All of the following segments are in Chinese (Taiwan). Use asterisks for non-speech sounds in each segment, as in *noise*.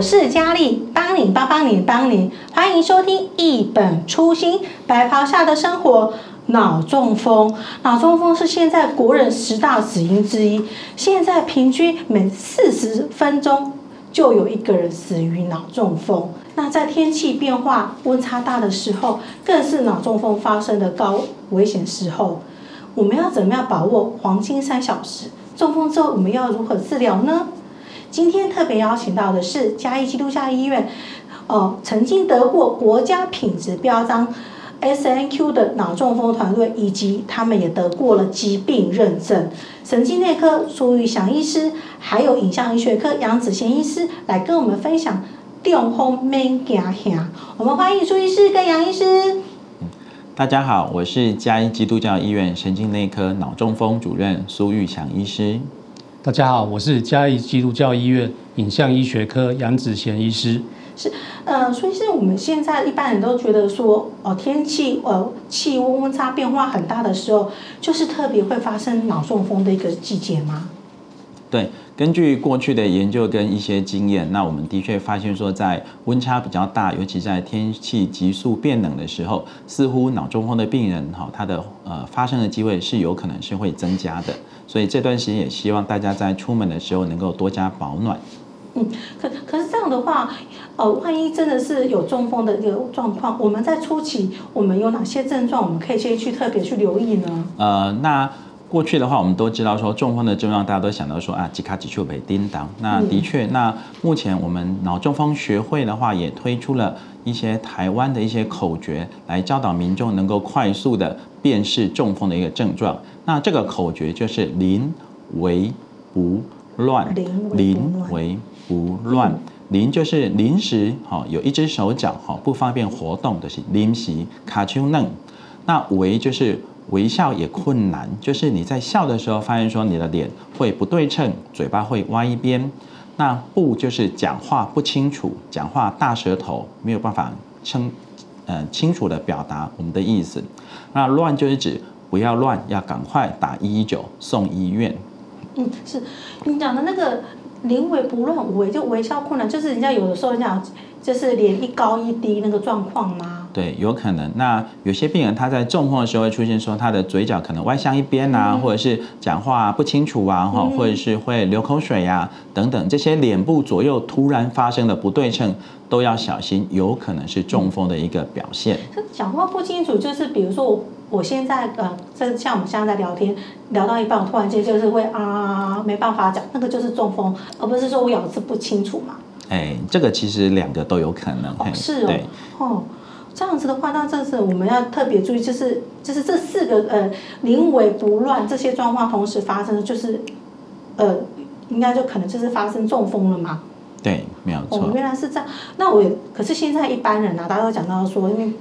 我是佳麗，幫你幫幫你幫你。歡迎收聽《一本初心》，白袍下的生活。腦中風，腦中風是現在國人十大死因之一。現在平均每四十分鐘就有一個人死於腦中風。那在天氣變化、溫差大的時候，更是腦中風發生的高危險時候。我們要怎麼樣把握黃金三小時？中風之後，我們要如何治療呢？今天特別邀請到的是嘉義基督教醫院，哦、呃，曾經得過國家品質標章 SNQ 的腦中風團隊，以及他們也得過了疾病認證。神經內科蘇裕翔醫師，還有影像醫學科楊子賢醫師來跟我們分享中風免驚惶。我們歡迎蘇醫師跟楊醫師、嗯。大家好，我是嘉義基督教醫院神經內科腦中風主任蘇裕翔醫師。大家好，我是嘉義基督教醫院影像醫學科楊子賢醫師。是，呃，所以是我們現在一般人都覺得說，哦，天氣哦氣溫溫差變化很大的時候，就是特別會發生腦中風的一個季節嗎？對。根據過去的研究跟一些經驗，那我們的確發現說，在溫差比較大，尤其在天氣急速變冷的時候，似乎腦中風的病人哈，他的呃發生的機會是有可能是會增加的。所以這段時間也希望大家在出門的時候能夠多加保暖。嗯，可可是這樣的話，呃，萬一真的是有中風的一個狀況，我們在初期我們有哪些症狀我們可以先去特別去留意呢？呃，那。過去的話，我們都知道說中風的症狀就讓大家都想到說啊，皮卡丘皮叮噹。那的確，嗯、那目前我們腦中風學會的話，也推出了一些台灣的一些口訣，來教導民眾能夠快速的辨識中風的一個症狀。那這個口訣就是臨“臨微不亂”，臨微不亂。臨就是臨時，好、哦、有一隻手腳好、哦、不方便活動的、就是臨時卡丘嫩，那微就是。微笑也困難，就是你在笑的時候，發現說你的臉會不對稱，嘴巴會歪一邊。那不就是講話不清楚，講話大舌頭，沒有辦法清，呃，清楚的表達我們的意思。那亂就是指不要亂，要趕快打一一九送醫院。嗯，是，你講的那個臨危不亂，危就微笑困難，就是人家有的時候這樣，就是臉一高一低那個狀況嗎？對，有可能。那有些病人他在中風的時候會出現，說他的嘴角可能歪向一邊啊，嗯、或者是講話不清楚啊，嗯、或者是會流口水啊，等等，這些臉部左右突然發生的不對稱，都要小心，有可能是中風的一個表現。這講話不清楚，就是比如說我，我現在呃，這、就是、像我們現在在聊天聊到一半，我突然間就是會啊，沒辦法講，那個就是中風，而不是說我咬字不清楚嘛？哎，這個其實兩個都有可能。哦、是、哦、對，哦。這樣子的話，那這次我們要特別注意，就是就是這四個呃臨危不亂，這些狀況同時發生，就是呃應該就可能就是發生中風了嘛。對，沒有錯。我們，原來是這樣。那我也可是現在一般人啊，大家都講到說，因為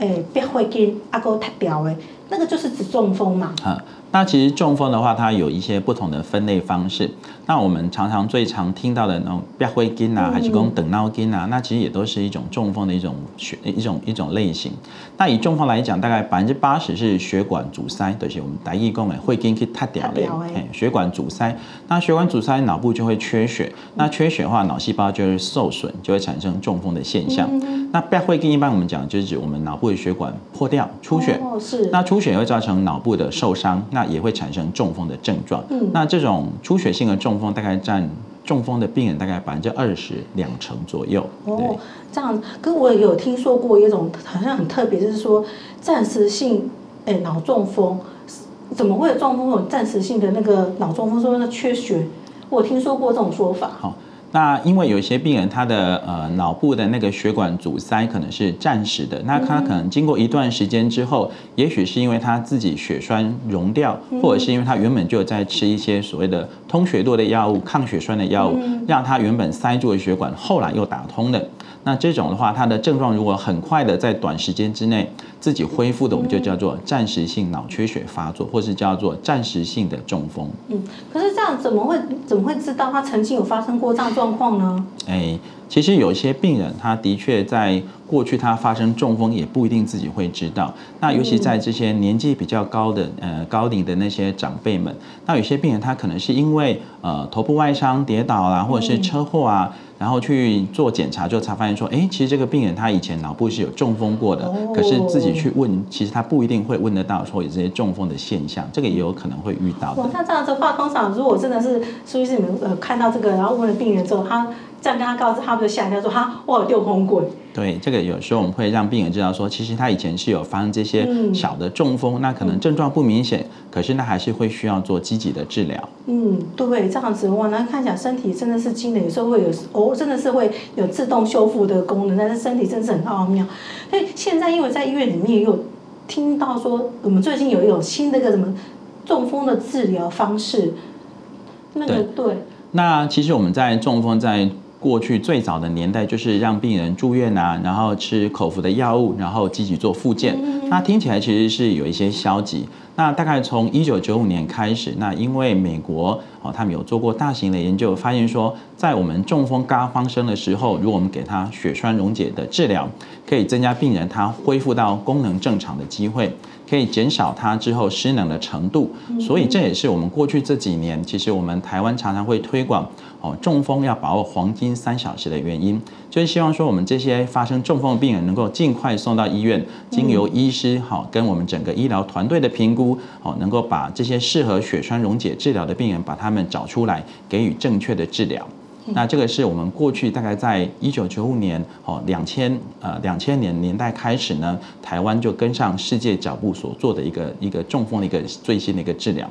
哎憋會勁，阿哥太表的。那個就是指中風嘛、嗯。那其實中風的話，它有一些不同的分類方式。那我們常常最常聽到的那種爆血筋啊，嗯、還是梗等腦筋啊，那其實也都是一種中風的一種血一種一種類型。那以中風來講，大概百分之八十是血管阻塞，對，就不是我們台語講的血筋去塌掉了、欸、血管阻塞，那血管阻塞腦部就會缺血，嗯、那缺血，血的話，腦細胞就會受損，就會產生中風的現象。嗯、那爆血筋一般我們講就是指我們腦部的血管破掉出血。哦，是。那出血會造成腦部的受傷，那也會產生中風的症狀。嗯、那這種出血性的中風大概占中風的病人大概百分之二十兩成左右。哦，這樣。跟我有聽說過一種好像很特別，就是說暫時性哎腦中風，怎麼會有中風有暫時性的那個腦中風？說那缺血，我有聽說過這種說法。哦那因為有些病人他的呃腦部的那個血管阻塞可能是暫時的，那他可能經過一段時間之後，嗯、也許是因為他自己血栓溶掉，嗯、或者是因為他原本就在吃一些所謂的通血絡的藥物，抗血栓的藥物，嗯、讓他原本塞住的血管後來又打通了。那這種的話，它的症狀如果很快的在短時間之內自己恢復的，我們就叫做暫時性腦缺血發作，或是叫做暫時性的中風。嗯，可是這樣怎麼會怎麼會知道他曾經有發生過這樣狀況呢？哎、欸，其實有一些病人，他的確在。過去他發生中風也不一定自己會知道，那尤其在這些年紀比較高的呃高齡的那些長輩們，那有些病人他可能是因為呃頭部外傷跌倒啦、啊，或者是車禍啊，然後去做檢查之後才發現說，哎、欸，其實這個病人他以前腦部是有中風過的，可是自己去問，其實他不一定會問得到說有這些中風的現象，這個也有可能會遇到的。那這樣的話，通常如果真的是，蘇醫師你們呃看到這個，然後問了病人之後，他。這樣跟他告知，他們就嚇一跳，說：“哈，我有中風過。”對，這個有時候我們會讓病人知道說，說其實他以前是有發生這些小的中風，嗯、那可能症狀不明顯，嗯、可是那還是會需要做積極的治療。嗯，對，這樣子哇，那看起來身體真的是驚人，有時候會有，哦，真的是會有自動修復的功能，但是身體真的是很奧妙。所、欸、以現在因為在醫院裡面也有聽到說，我們最近有一種新的一個什麼中風的治療方式，那個對。對那其實我們在中風在。過去最早的年代就是讓病人住院啊，然後吃口服的藥物，然後積極做復健。那聽起來其實是有一些消極。那大概從一九九五年開始，那因為美國哦，他們有做過大型的研究，發現說，在我們中風剛發生的時候，如果我們給他血栓溶解的治療，可以增加病人他恢復到功能正常的機會。可以減少它之後失能的程度，所以這也是我們過去這幾年，其實我們台灣常常會推廣哦，中風要把握黃金三小時的原因，就是希望說我們這些發生中風的病人能夠盡快送到醫院，經由醫師好跟我們整個醫療團隊的評估哦，能夠把這些適合血栓溶解治療的病人把他們找出來，給予正確的治療。那這個是我們過去大概在一九九五年哦、呃，兩千呃兩千年年代開始呢，台灣就跟上世界腳步所做的一個一個中風的一個最新的一個治療。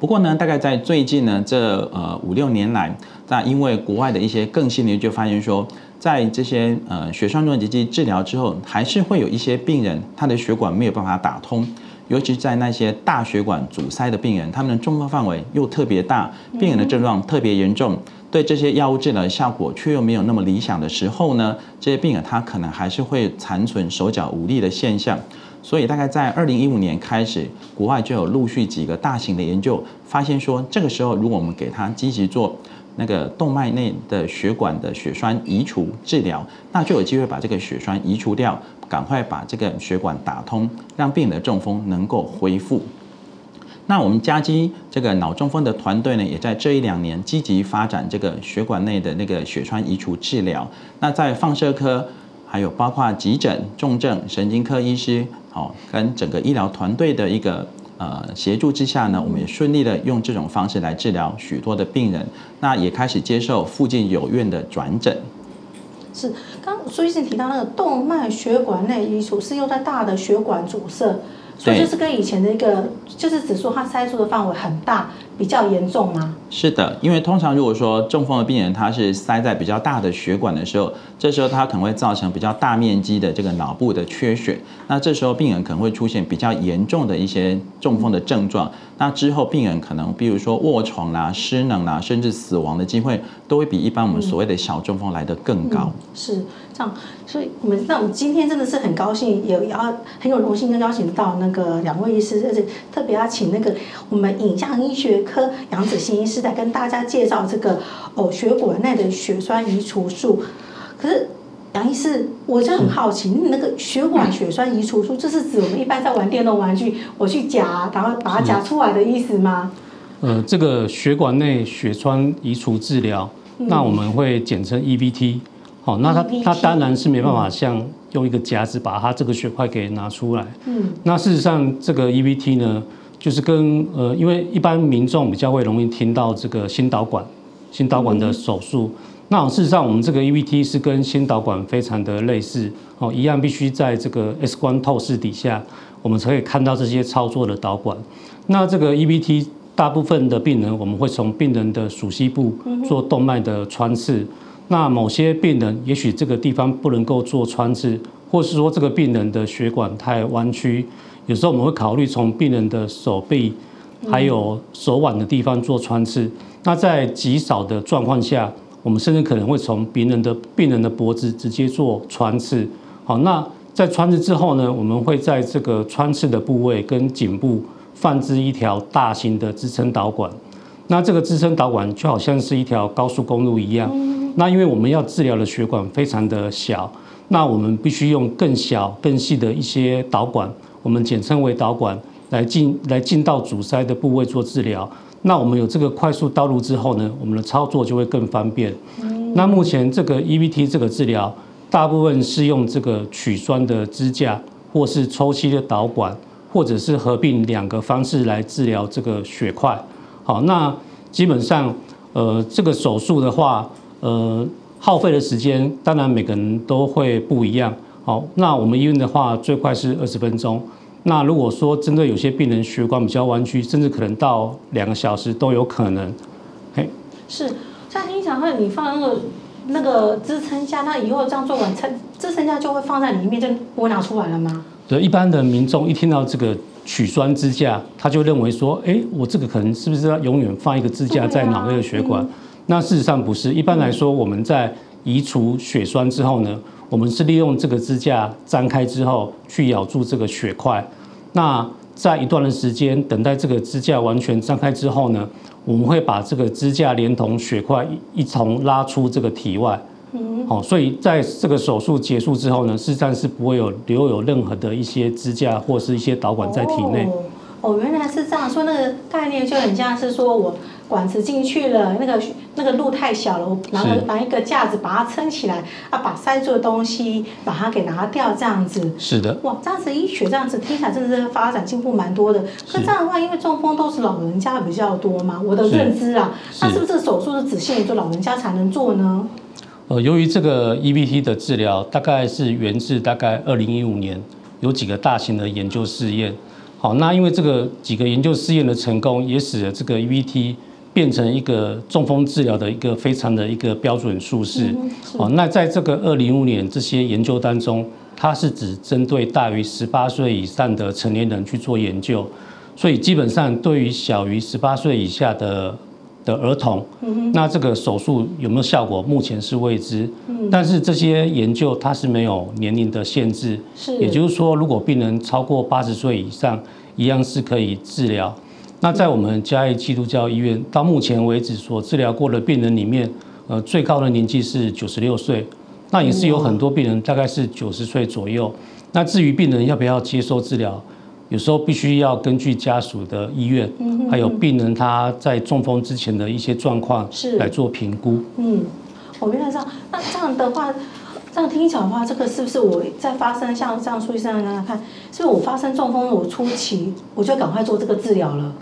不過呢，大概在最近呢這呃五六年來，那因為國外的一些更新的研究發現說，在這些呃血栓溶解劑治療之後，還是會有一些病人他的血管沒有辦法打通，尤其在那些大血管阻塞的病人，他們的中風範圍又特別大，病人的症狀特別嚴重。嗯對這些藥物治療效果卻又沒有那麼理想的時候呢，這些病人他可能還是會殘存手腳無力的現象。所以大概在二零一五年開始，國外就有陸續幾個大型的研究發現說，這個時候如果我們給他積極做那個動脈內的血管的血栓移除治療，那就有機會把這個血栓移除掉，趕快把這個血管打通，讓病人的中風能夠恢復。那我們嘉基這個腦中風的團隊呢，也在這一兩年積極發展這個血管內的那個血栓移除治療。那在放射科，還有包括急診、重症、神經科醫師，哦，跟整個醫療團隊的一個呃協助之下呢，我們也順利的用這種方式來治療許多的病人。那也開始接受附近有院的轉診。是，剛剛蘇醫師提到那個動脈血管內移除，是用在大的血管阻塞。對所以就是跟以前的一個，就是指數它塞住的範圍很大，比較嚴重嗎？是的，因為通常如果說中風的病人他是塞在比較大的血管的時候，這時候他可能會造成比較大面積的這個腦部的缺血，那這時候病人可能會出現比較嚴重的一些中風的症狀，嗯、那之後病人可能比如說臥床啦、啊、失能啦、啊，甚至死亡的機會都會比一般我們所謂的小中風來得更高。嗯嗯、是。這樣，所以我們那我們今天真的是很高興，也也要很有榮幸，跟邀請到那個兩位醫師，特別要請那個我們影像醫學科楊子賢醫師來跟大家介紹這個哦血管內的血栓移除術。可是楊醫師，我就很好奇，你那個血管血栓移除術，這是指我們一般在玩電動玩具，我去夾，然後把它夾出來的意思嗎？嗯、呃，這個血管內血栓移除治療，那我們會簡稱 EVT。哦，那它它當然是沒辦法像用一個夾子把它這個血塊給拿出來。嗯，那事實上這個 E V T 呢，就是跟呃，因為一般民眾比較會容易聽到這個心導管、心導管的手術。嗯、那事實上，我們這個 E V T 是跟心導管非常的類似。哦，一樣必須在這個 X 光透視底下，我們才可以看到這些操作的導管。那這個 E V T 大部分的病人，我們會從病人的鼠蹊部做動脈的穿刺。嗯嗯那某些病人也許這個地方不能夠做穿刺，或是說這個病人的血管太彎曲，有時候我們會考慮從病人的手臂還有手腕的地方做穿刺。嗯、那在極少的狀況下，我們甚至可能會從病人的病人的脖子直接做穿刺。好，那在穿刺之後呢，我們會在這個穿刺的部位跟頸部放置一條大型的支撐導管。那這個支撐導管就好像是一條高速公路一樣。嗯那因為我們要治療的血管非常的小，那我們必須用更小、更細的一些導管，我們簡稱為導管來進來進到阻塞的部位做治療。那我們有這個快速道路之後呢，我們的操作就會更方便。那目前這個 EVT 這個治療，大部分是用這個取栓的支架，或是抽吸的導管，或者是合併兩個方式來治療這個血塊。好，那基本上，呃，這個手術的話。呃，耗費的時間當然每個人都會不一樣。好，那我們醫院的話，最快是二十分鐘。那如果說針對有些病人血管比較彎曲，甚至可能到兩個小時都有可能。哎，是，在聽講後你放那個那個支撐架，那以後這樣做完，撐支撐架就會放在裡面，就不會拿出來了嗎？對，一般的民眾一聽到這個取栓支架，他就認為說，哎、欸，我這個可能是不是要永遠放一個支架在腦內的血管？那事實上不是，一般來說，我們在移除血栓之後呢，我們是利用這個支架張開之後去咬住這個血塊。那在一段的時間等待這個支架完全張開之後呢，我們會把這個支架連同血塊一同拉出這個體外。嗯。好、哦，所以在這個手術結束之後呢，事實上是不會有留有任何的一些支架或是一些導管在體內。哦，哦，原來是這樣，說，那個概念就很像是說我管子進去了那個。那個路太小了，我拿個拿一個架子把它撐起來，啊的，把塞住的東西把它給拿掉，這樣子。是的。哇，這樣子醫學，這樣子聽起來真的是發展進步蠻多的。可這樣的話，是因為中風都是老人家比較多嘛，我的認知啊，那是，是不是這手術是只限於做老人家才能做呢？呃，由於這個 EVT 的治療，大概是源自大概二零一五年有幾個大型的研究試驗。好，那因為這個幾個研究試驗的成功，也使得這個 EVT。變成一個中風治療的一個非常的一個標準術式。哦、嗯，那在這個二零一五年這些研究當中，它是指針對大於十八歲以上的成年人去做研究，所以基本上對於小於十八歲以下的的兒童，嗯、哼那這個手術有沒有效果，目前是未知。但是這些研究它是沒有年齡的限制，是也就是說，如果病人超過八十歲以上，一樣是可以治療。那在我們嘉義基督教醫院到目前為止所治療過的病人裡面，呃，最高的年紀是九十六歲，那也是有很多病人大概是九十歲左右。那至於病人要不要接受治療，有時候必須要根據家屬的意願，還有病人他在中風之前的一些狀況，是來做評估。嗯，我明白這樣，那這樣的話，這樣聽起來的話，這個是不是我在發生像這樣，蘇醫生剛剛看，所以我發生中風我初期，我，我就趕快做這個治療了？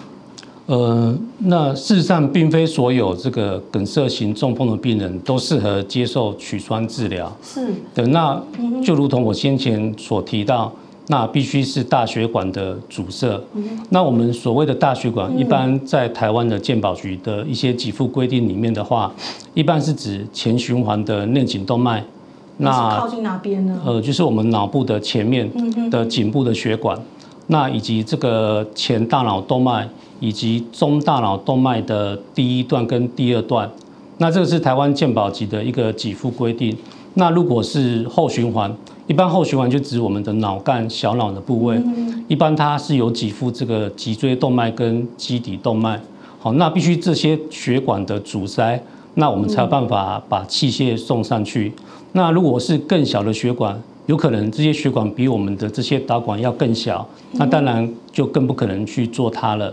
呃，那事實上，並非所有這個梗塞型中風的病人都適合接受取栓治療。是。對，那就如同我先前所提到，那必須是大血管的阻塞。嗯、那我們所謂的大血管，嗯、一般在台灣的健保局的一些給付規定裡面的話，一般是指前循環的內頸動脈。那靠近哪邊呢？呃，就是我們腦部的前面的頸部的血管。那以及這個前大腦動脈以及中大腦動脈的第一段跟第二段，那這個是台灣健保局的一個給付規定。那如果是後循環，一般後循環就指我們的腦幹、小腦的部位，一般它是有給付這個脊椎動脈跟基底動脈。好，那必須這些血管的阻塞，那我們才有辦法把器械送上去。那如果是更小的血管，有可能這些血管比我們的這些導管要更小，那當然就更不可能去做它了。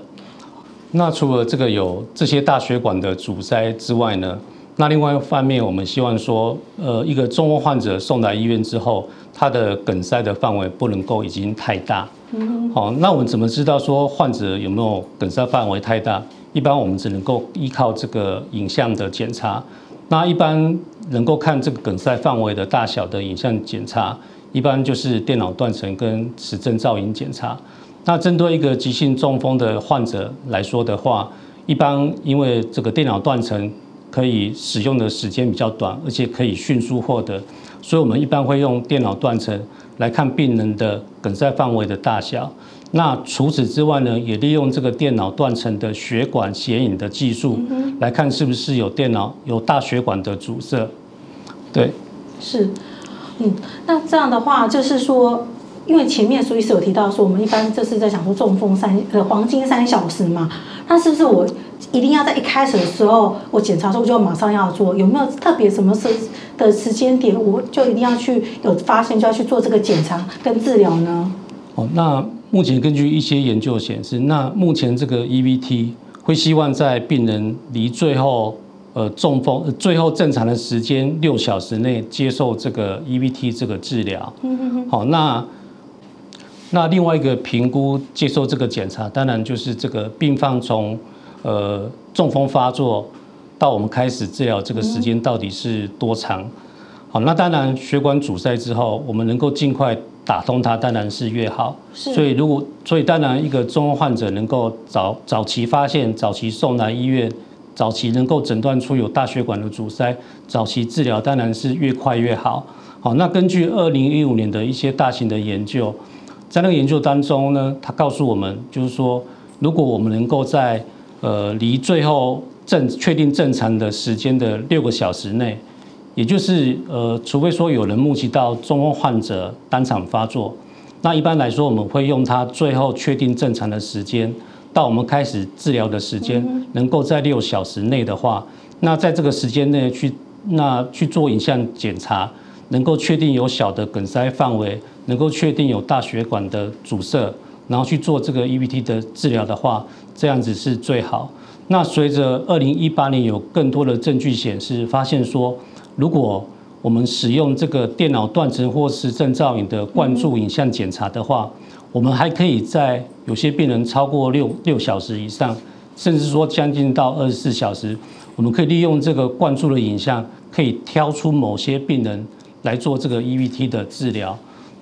那除了這個有這些大血管的阻塞之外呢？那另外一方面，我們希望說，呃，一個中風患者送來醫院之後，他的梗塞的範圍不能夠已經太大。嗯哼。好，哦，那我們怎麼知道說患者有沒有梗塞範圍太大？一般我們只能夠依靠這個影像的檢查。那一般能夠看這個梗塞範圍的大小的影像檢查，一般就是電腦斷層跟磁振造影檢查。那針對一個急性中風的患者來說的話，一般因為這個電腦斷層可以使用的時間比較短，而且可以迅速獲得，所以我們一般會用電腦斷層來看病人的梗塞範圍的大小。那除此之外呢，也利用這個電腦斷層的血管顯影的技術來看，是不是有電腦有大血管的阻塞？對，是，嗯，那這樣的話就是說，因為前面蘇醫師有提到說，我們一般就是在想說中風三呃黃金三小時嘛，那是不是我一定要在一開始的時候我檢查之後就馬上要做？有沒有特別什麼時的時間點，我就一定要去有發現就要去做這個檢查跟治療呢？哦，那。目前根據一些研究顯示，那目前這個 EVT 會希望在病人離最後呃中風最後正常的時間六小時內接受這個 EVT 這個治療。好，那那另外一個評估接受這個檢查，當然就是這個病患從呃中風發作到我們開始治療這個時間到底是多長？好，那當然，血管阻塞之後，我們能夠盡快打通它，當然是越好。是所以如果，所以當然，一個中患，患者能夠早早期發現，早期送來醫院，早期能夠診斷出有大血管的阻塞，早期治療，當然是越快越好。好，那根據二零一五年的一些大型的研究，在那個研究當中呢，他告訴我們，就是說，如果我們能夠在呃離最後正確定正常的時間的六個小時內，也就是呃，除非說有人目擊到中風患者當場發作，那一般來說，我們會用它最後確定正常的時間到我們開始治療的時間，能夠在六小時內的話，那在這個時間內去那去做影像檢查，能夠確定有小的梗塞範圍，能夠確定有大血管的阻塞，然後去做這個 E V T 的治療的話，這樣子是最好。那隨着二零一八年有更多的證據顯示，發現說。如果我們使用這個電腦斷層或是正造影的灌注影像檢查的話，我們還可以在有些病人超過六六小時以上，甚至說將近到二十四小時，我們可以利用這個灌注的影像，可以挑出某些病人來做這個 EVT 的治療。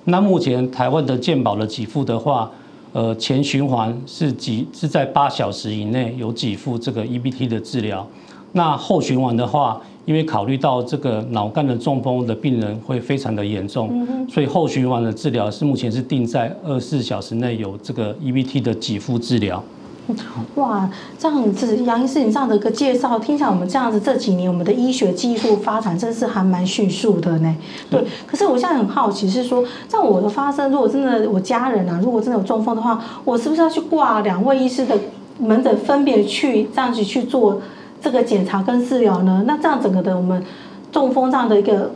那目前台灣的健保的給付的話，呃，前循環是幾是在八小時以內有給付這個 EVT 的治療，那後循環的話。因為考慮到這個腦幹的中風的病人會非常的嚴重，所以後循環的治療是目前是定在二十四小時內有這個 EVT 的給付治療，嗯。哇，這樣子，楊醫師你這樣的一個介紹，聽起來我們這樣子這幾年我們的醫學技術發展真是還蠻迅速的呢。對，嗯、可是我現在很好奇，是說在我的發生，如果真的我家人啊，如果真的有中風的話，我是不是要去掛兩位醫師的門診，分別去這樣子去做？這個檢查跟治療呢？那這樣整個的我們中風這樣的一個，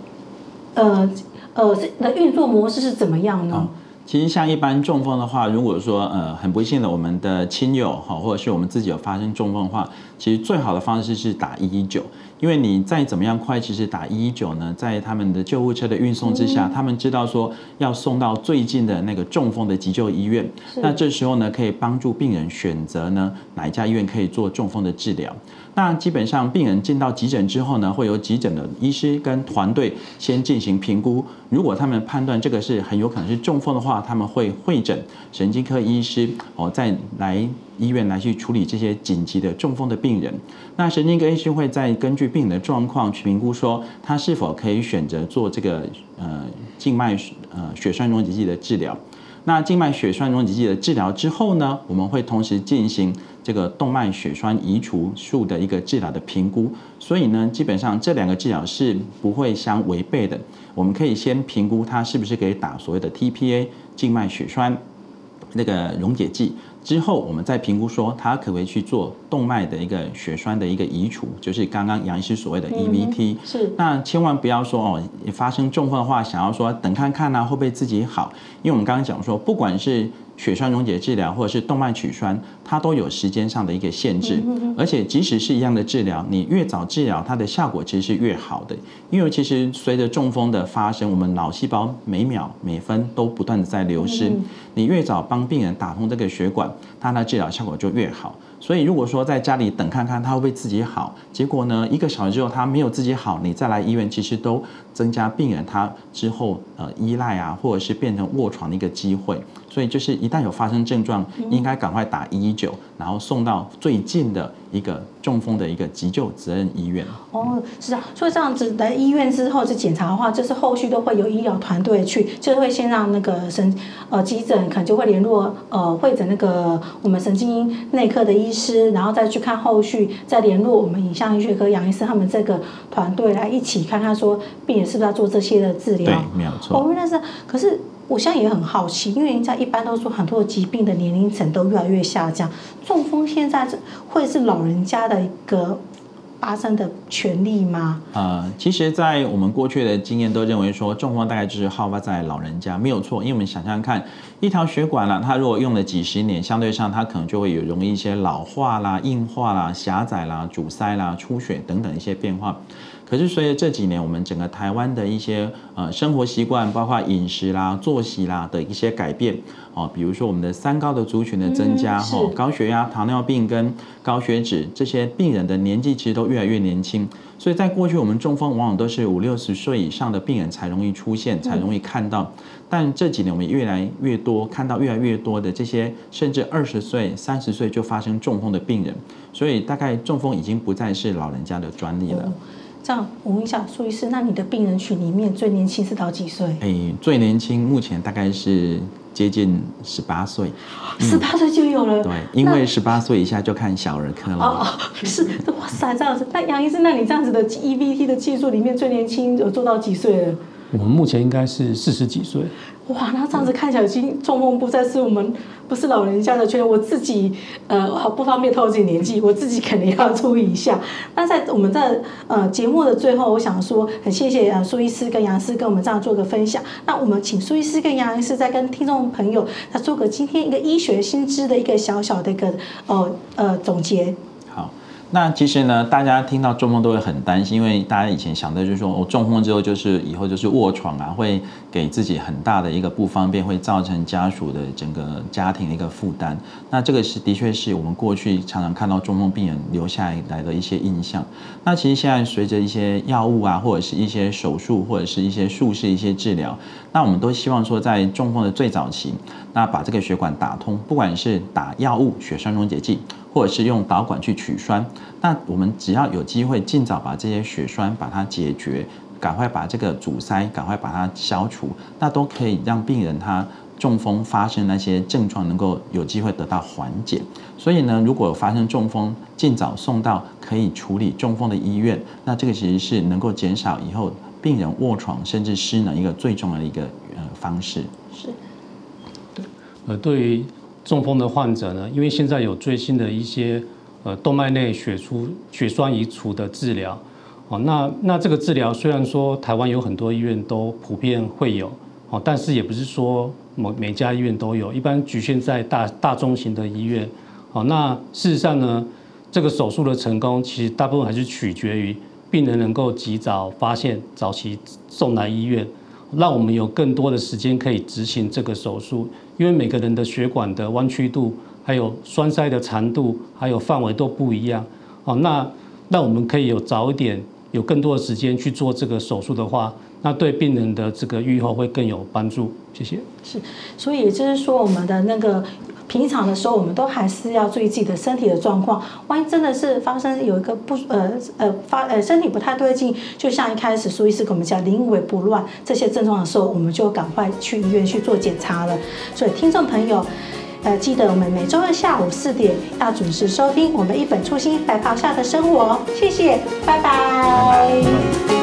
呃呃是的運作模式是怎麼樣呢？哦，其實像一般中風的話，如果說呃很不幸的我們的親友哈或者是我們自己有發生中風的話，其實最好的方式是打一一九。因為你再怎麼樣快，其實打一一九呢，在他們的救護車的運送之下，嗯、他們知道說要送到最近的那個中風的急救醫院。是那這時候呢，可以幫助病人選擇呢，哪一家醫院可以做中風的治療。那基本上病人進到急診之後呢，會有急診的醫師跟團隊先進行評估。如果他們判斷這個是很有可能是中風的話，他們會會診神經科醫師哦，再來。醫院來去處理這些緊急的中風的病人，那神經科醫師會在根據病人的狀況去評估，說他是否可以選擇做這個呃靜脈呃血栓溶解劑的治療。那靜脈血栓溶解劑的治療之後呢，我們會同時進行這個動脈血栓移除術的一個治療的評估。所以呢，基本上這兩個治療是不會相違背的。我們可以先評估他是不是可以打所謂的 TPA 靜脈血栓那個溶解劑。之後我們再評估說他可不可以去做動脈的一個血栓的一個移除，就是剛剛楊醫師所謂的 EVT，嗯，是，那千萬不要說哦，發生中風的話，想要說等看看呢，啊，會不會自己好，因為我們剛剛講說，不管是。血栓溶解治療或者是動脈取栓，它都有時間上的一個限制，而且即使是一樣的治療，你越早治療，它的效果其實是越好的。因為其實隨着中風的發生，我們腦細胞每秒每分都不斷的在流失，你越早幫病人打通這個血管，它的治療效果就越好。所以如果說在家裡等看看他會不會自己好，結果呢，一個小時之後他沒有自己好，你再來醫院，其實都增加病人他之後呃依賴啊，或者是變成臥床的一個機會。所以就是一旦有發生症狀，應該趕快打一一九，然後送到最近的一個中風的一個急救責任醫院。嗯、哦，是啊，所以這樣子來醫院之後去檢查的話，就是後續都會有醫療團隊去，就會先讓那個神呃急診可能就會聯絡呃會診那個我們神經內科的醫師，然後再去看後續，再聯絡我們影像醫學科楊醫生他們這個團隊來一起看看說病人是不是要做這些的治療。對，沒有錯。我們但是可是。我現在也很好奇，因為人家一般都說很多疾病的年齡層都越來越下降，中風現在是會是老人家的一個發生的權利嗎？呃，其實，在我們過去的經驗都認為說，中風大概就是好發在老人家沒有錯，因為我們想象看，一條血管啦，它如果用了幾十年，相對上它可能就會有容易一些老化啦、硬化啦、狹窄啦、阻塞啦、出血等等一些變化。可是，隨着這幾年我們整個台灣的一些呃生活習慣，包括飲食啦、作息啦的一些改變，哦，比如說我們的三高的族群的增加，哦、嗯，高血壓、糖尿病跟高血脂這些病人的年紀其實都越來越年輕。所以在過去，我們中風往往都是五六十歲以上的病人才容易出現，嗯、才容易看到。但這幾年，我們越來越多看到越來越多的這些，甚至二十歲、三十歲就發生中風的病人。所以，大概中風已經不再是老人家的專利了。嗯這樣，我問一下蘇醫師，那你的病人群裡面最年輕是到幾歲？哎，最年輕目前大概是接近十八歲，嗯、十八歲就有了。對，那因為十八歲以下就看小兒科了哦。哦，是，哇塞，這樣子。 *laughs* 那楊醫生，那你這樣子的 EVT 的技術裡面最年輕有做到幾歲了？我們目前應該是四十幾歲。哇！那這樣子看起來已經中風不再是我們不是老人家的權利，覺得我自己呃好不方便，透露自己年紀，我自己肯定要注意一下。那在我們在呃節目的最後，我想說，很謝謝啊蘇醫師跟楊醫師跟我們這樣做個分享。那我們請蘇醫師跟楊醫師再跟聽眾朋友再做個今天一個醫學新知的一個小小的一個呃呃總結。那其實呢，大家聽到中風都會很擔心，因為大家以前想的就是說，我、哦、中風之後就是以後就是臥床啊，會給自己很大的一個不方便，會造成家屬的整個家庭的一個負擔。那這個是的確是我們過去常常看到中風病人留下來的一些印象。那其實現在隨着一些藥物啊，或者是一些手術，或者是一些術式一些治療，那我們都希望說在中風的最早期，那把這個血管打通，不管是打藥物、血栓溶解劑。或者是用導管去取栓，那我們只要有機會，盡早把這些血栓把它解決，趕快把這個阻塞，趕快把它消除，那都可以讓病人他中風發生那些症狀能夠有機會得到緩解。所以呢，如果發生中風，盡早送到可以處理中風的醫院，那這個其實是能夠減少以後病人臥床甚至失能一個最重要的一個呃方式。是。呃，對於。中風的患者呢，因為現在有最新的一些呃動脈內血出血栓移除的治療，哦，那那這個治療雖然說台灣有很多醫院都普遍會有，哦，但是也不是說每每家醫院都有，一般局限在大大中型的醫院，哦，那事實上呢，這個手術的成功其實大部分還是取決於病人能夠及早發現，早期送來醫院，讓我們有更多的時間可以執行這個手術。因為每個人的血管的彎曲度，還有栓塞的長度，還有範圍都不一樣，哦，那那我們可以有早一點，有更多的時間去做這個手術的話。那對病人的這個預後會更有幫助，謝謝。是，所以就是說，我們的那個平常的時候，我們都還是要注意自己的身體的狀況。萬一真的是發生有一個不呃呃發呃身體不太對勁，就像一開始蘇醫師跟我們講“臨危不亂”這些症狀的時候，我們就趕快去醫院去做檢查了。所以聽眾朋友，呃，記得我們每週日下午四點要準時收聽我們一本初心白袍下的生活，謝謝，拜拜。拜拜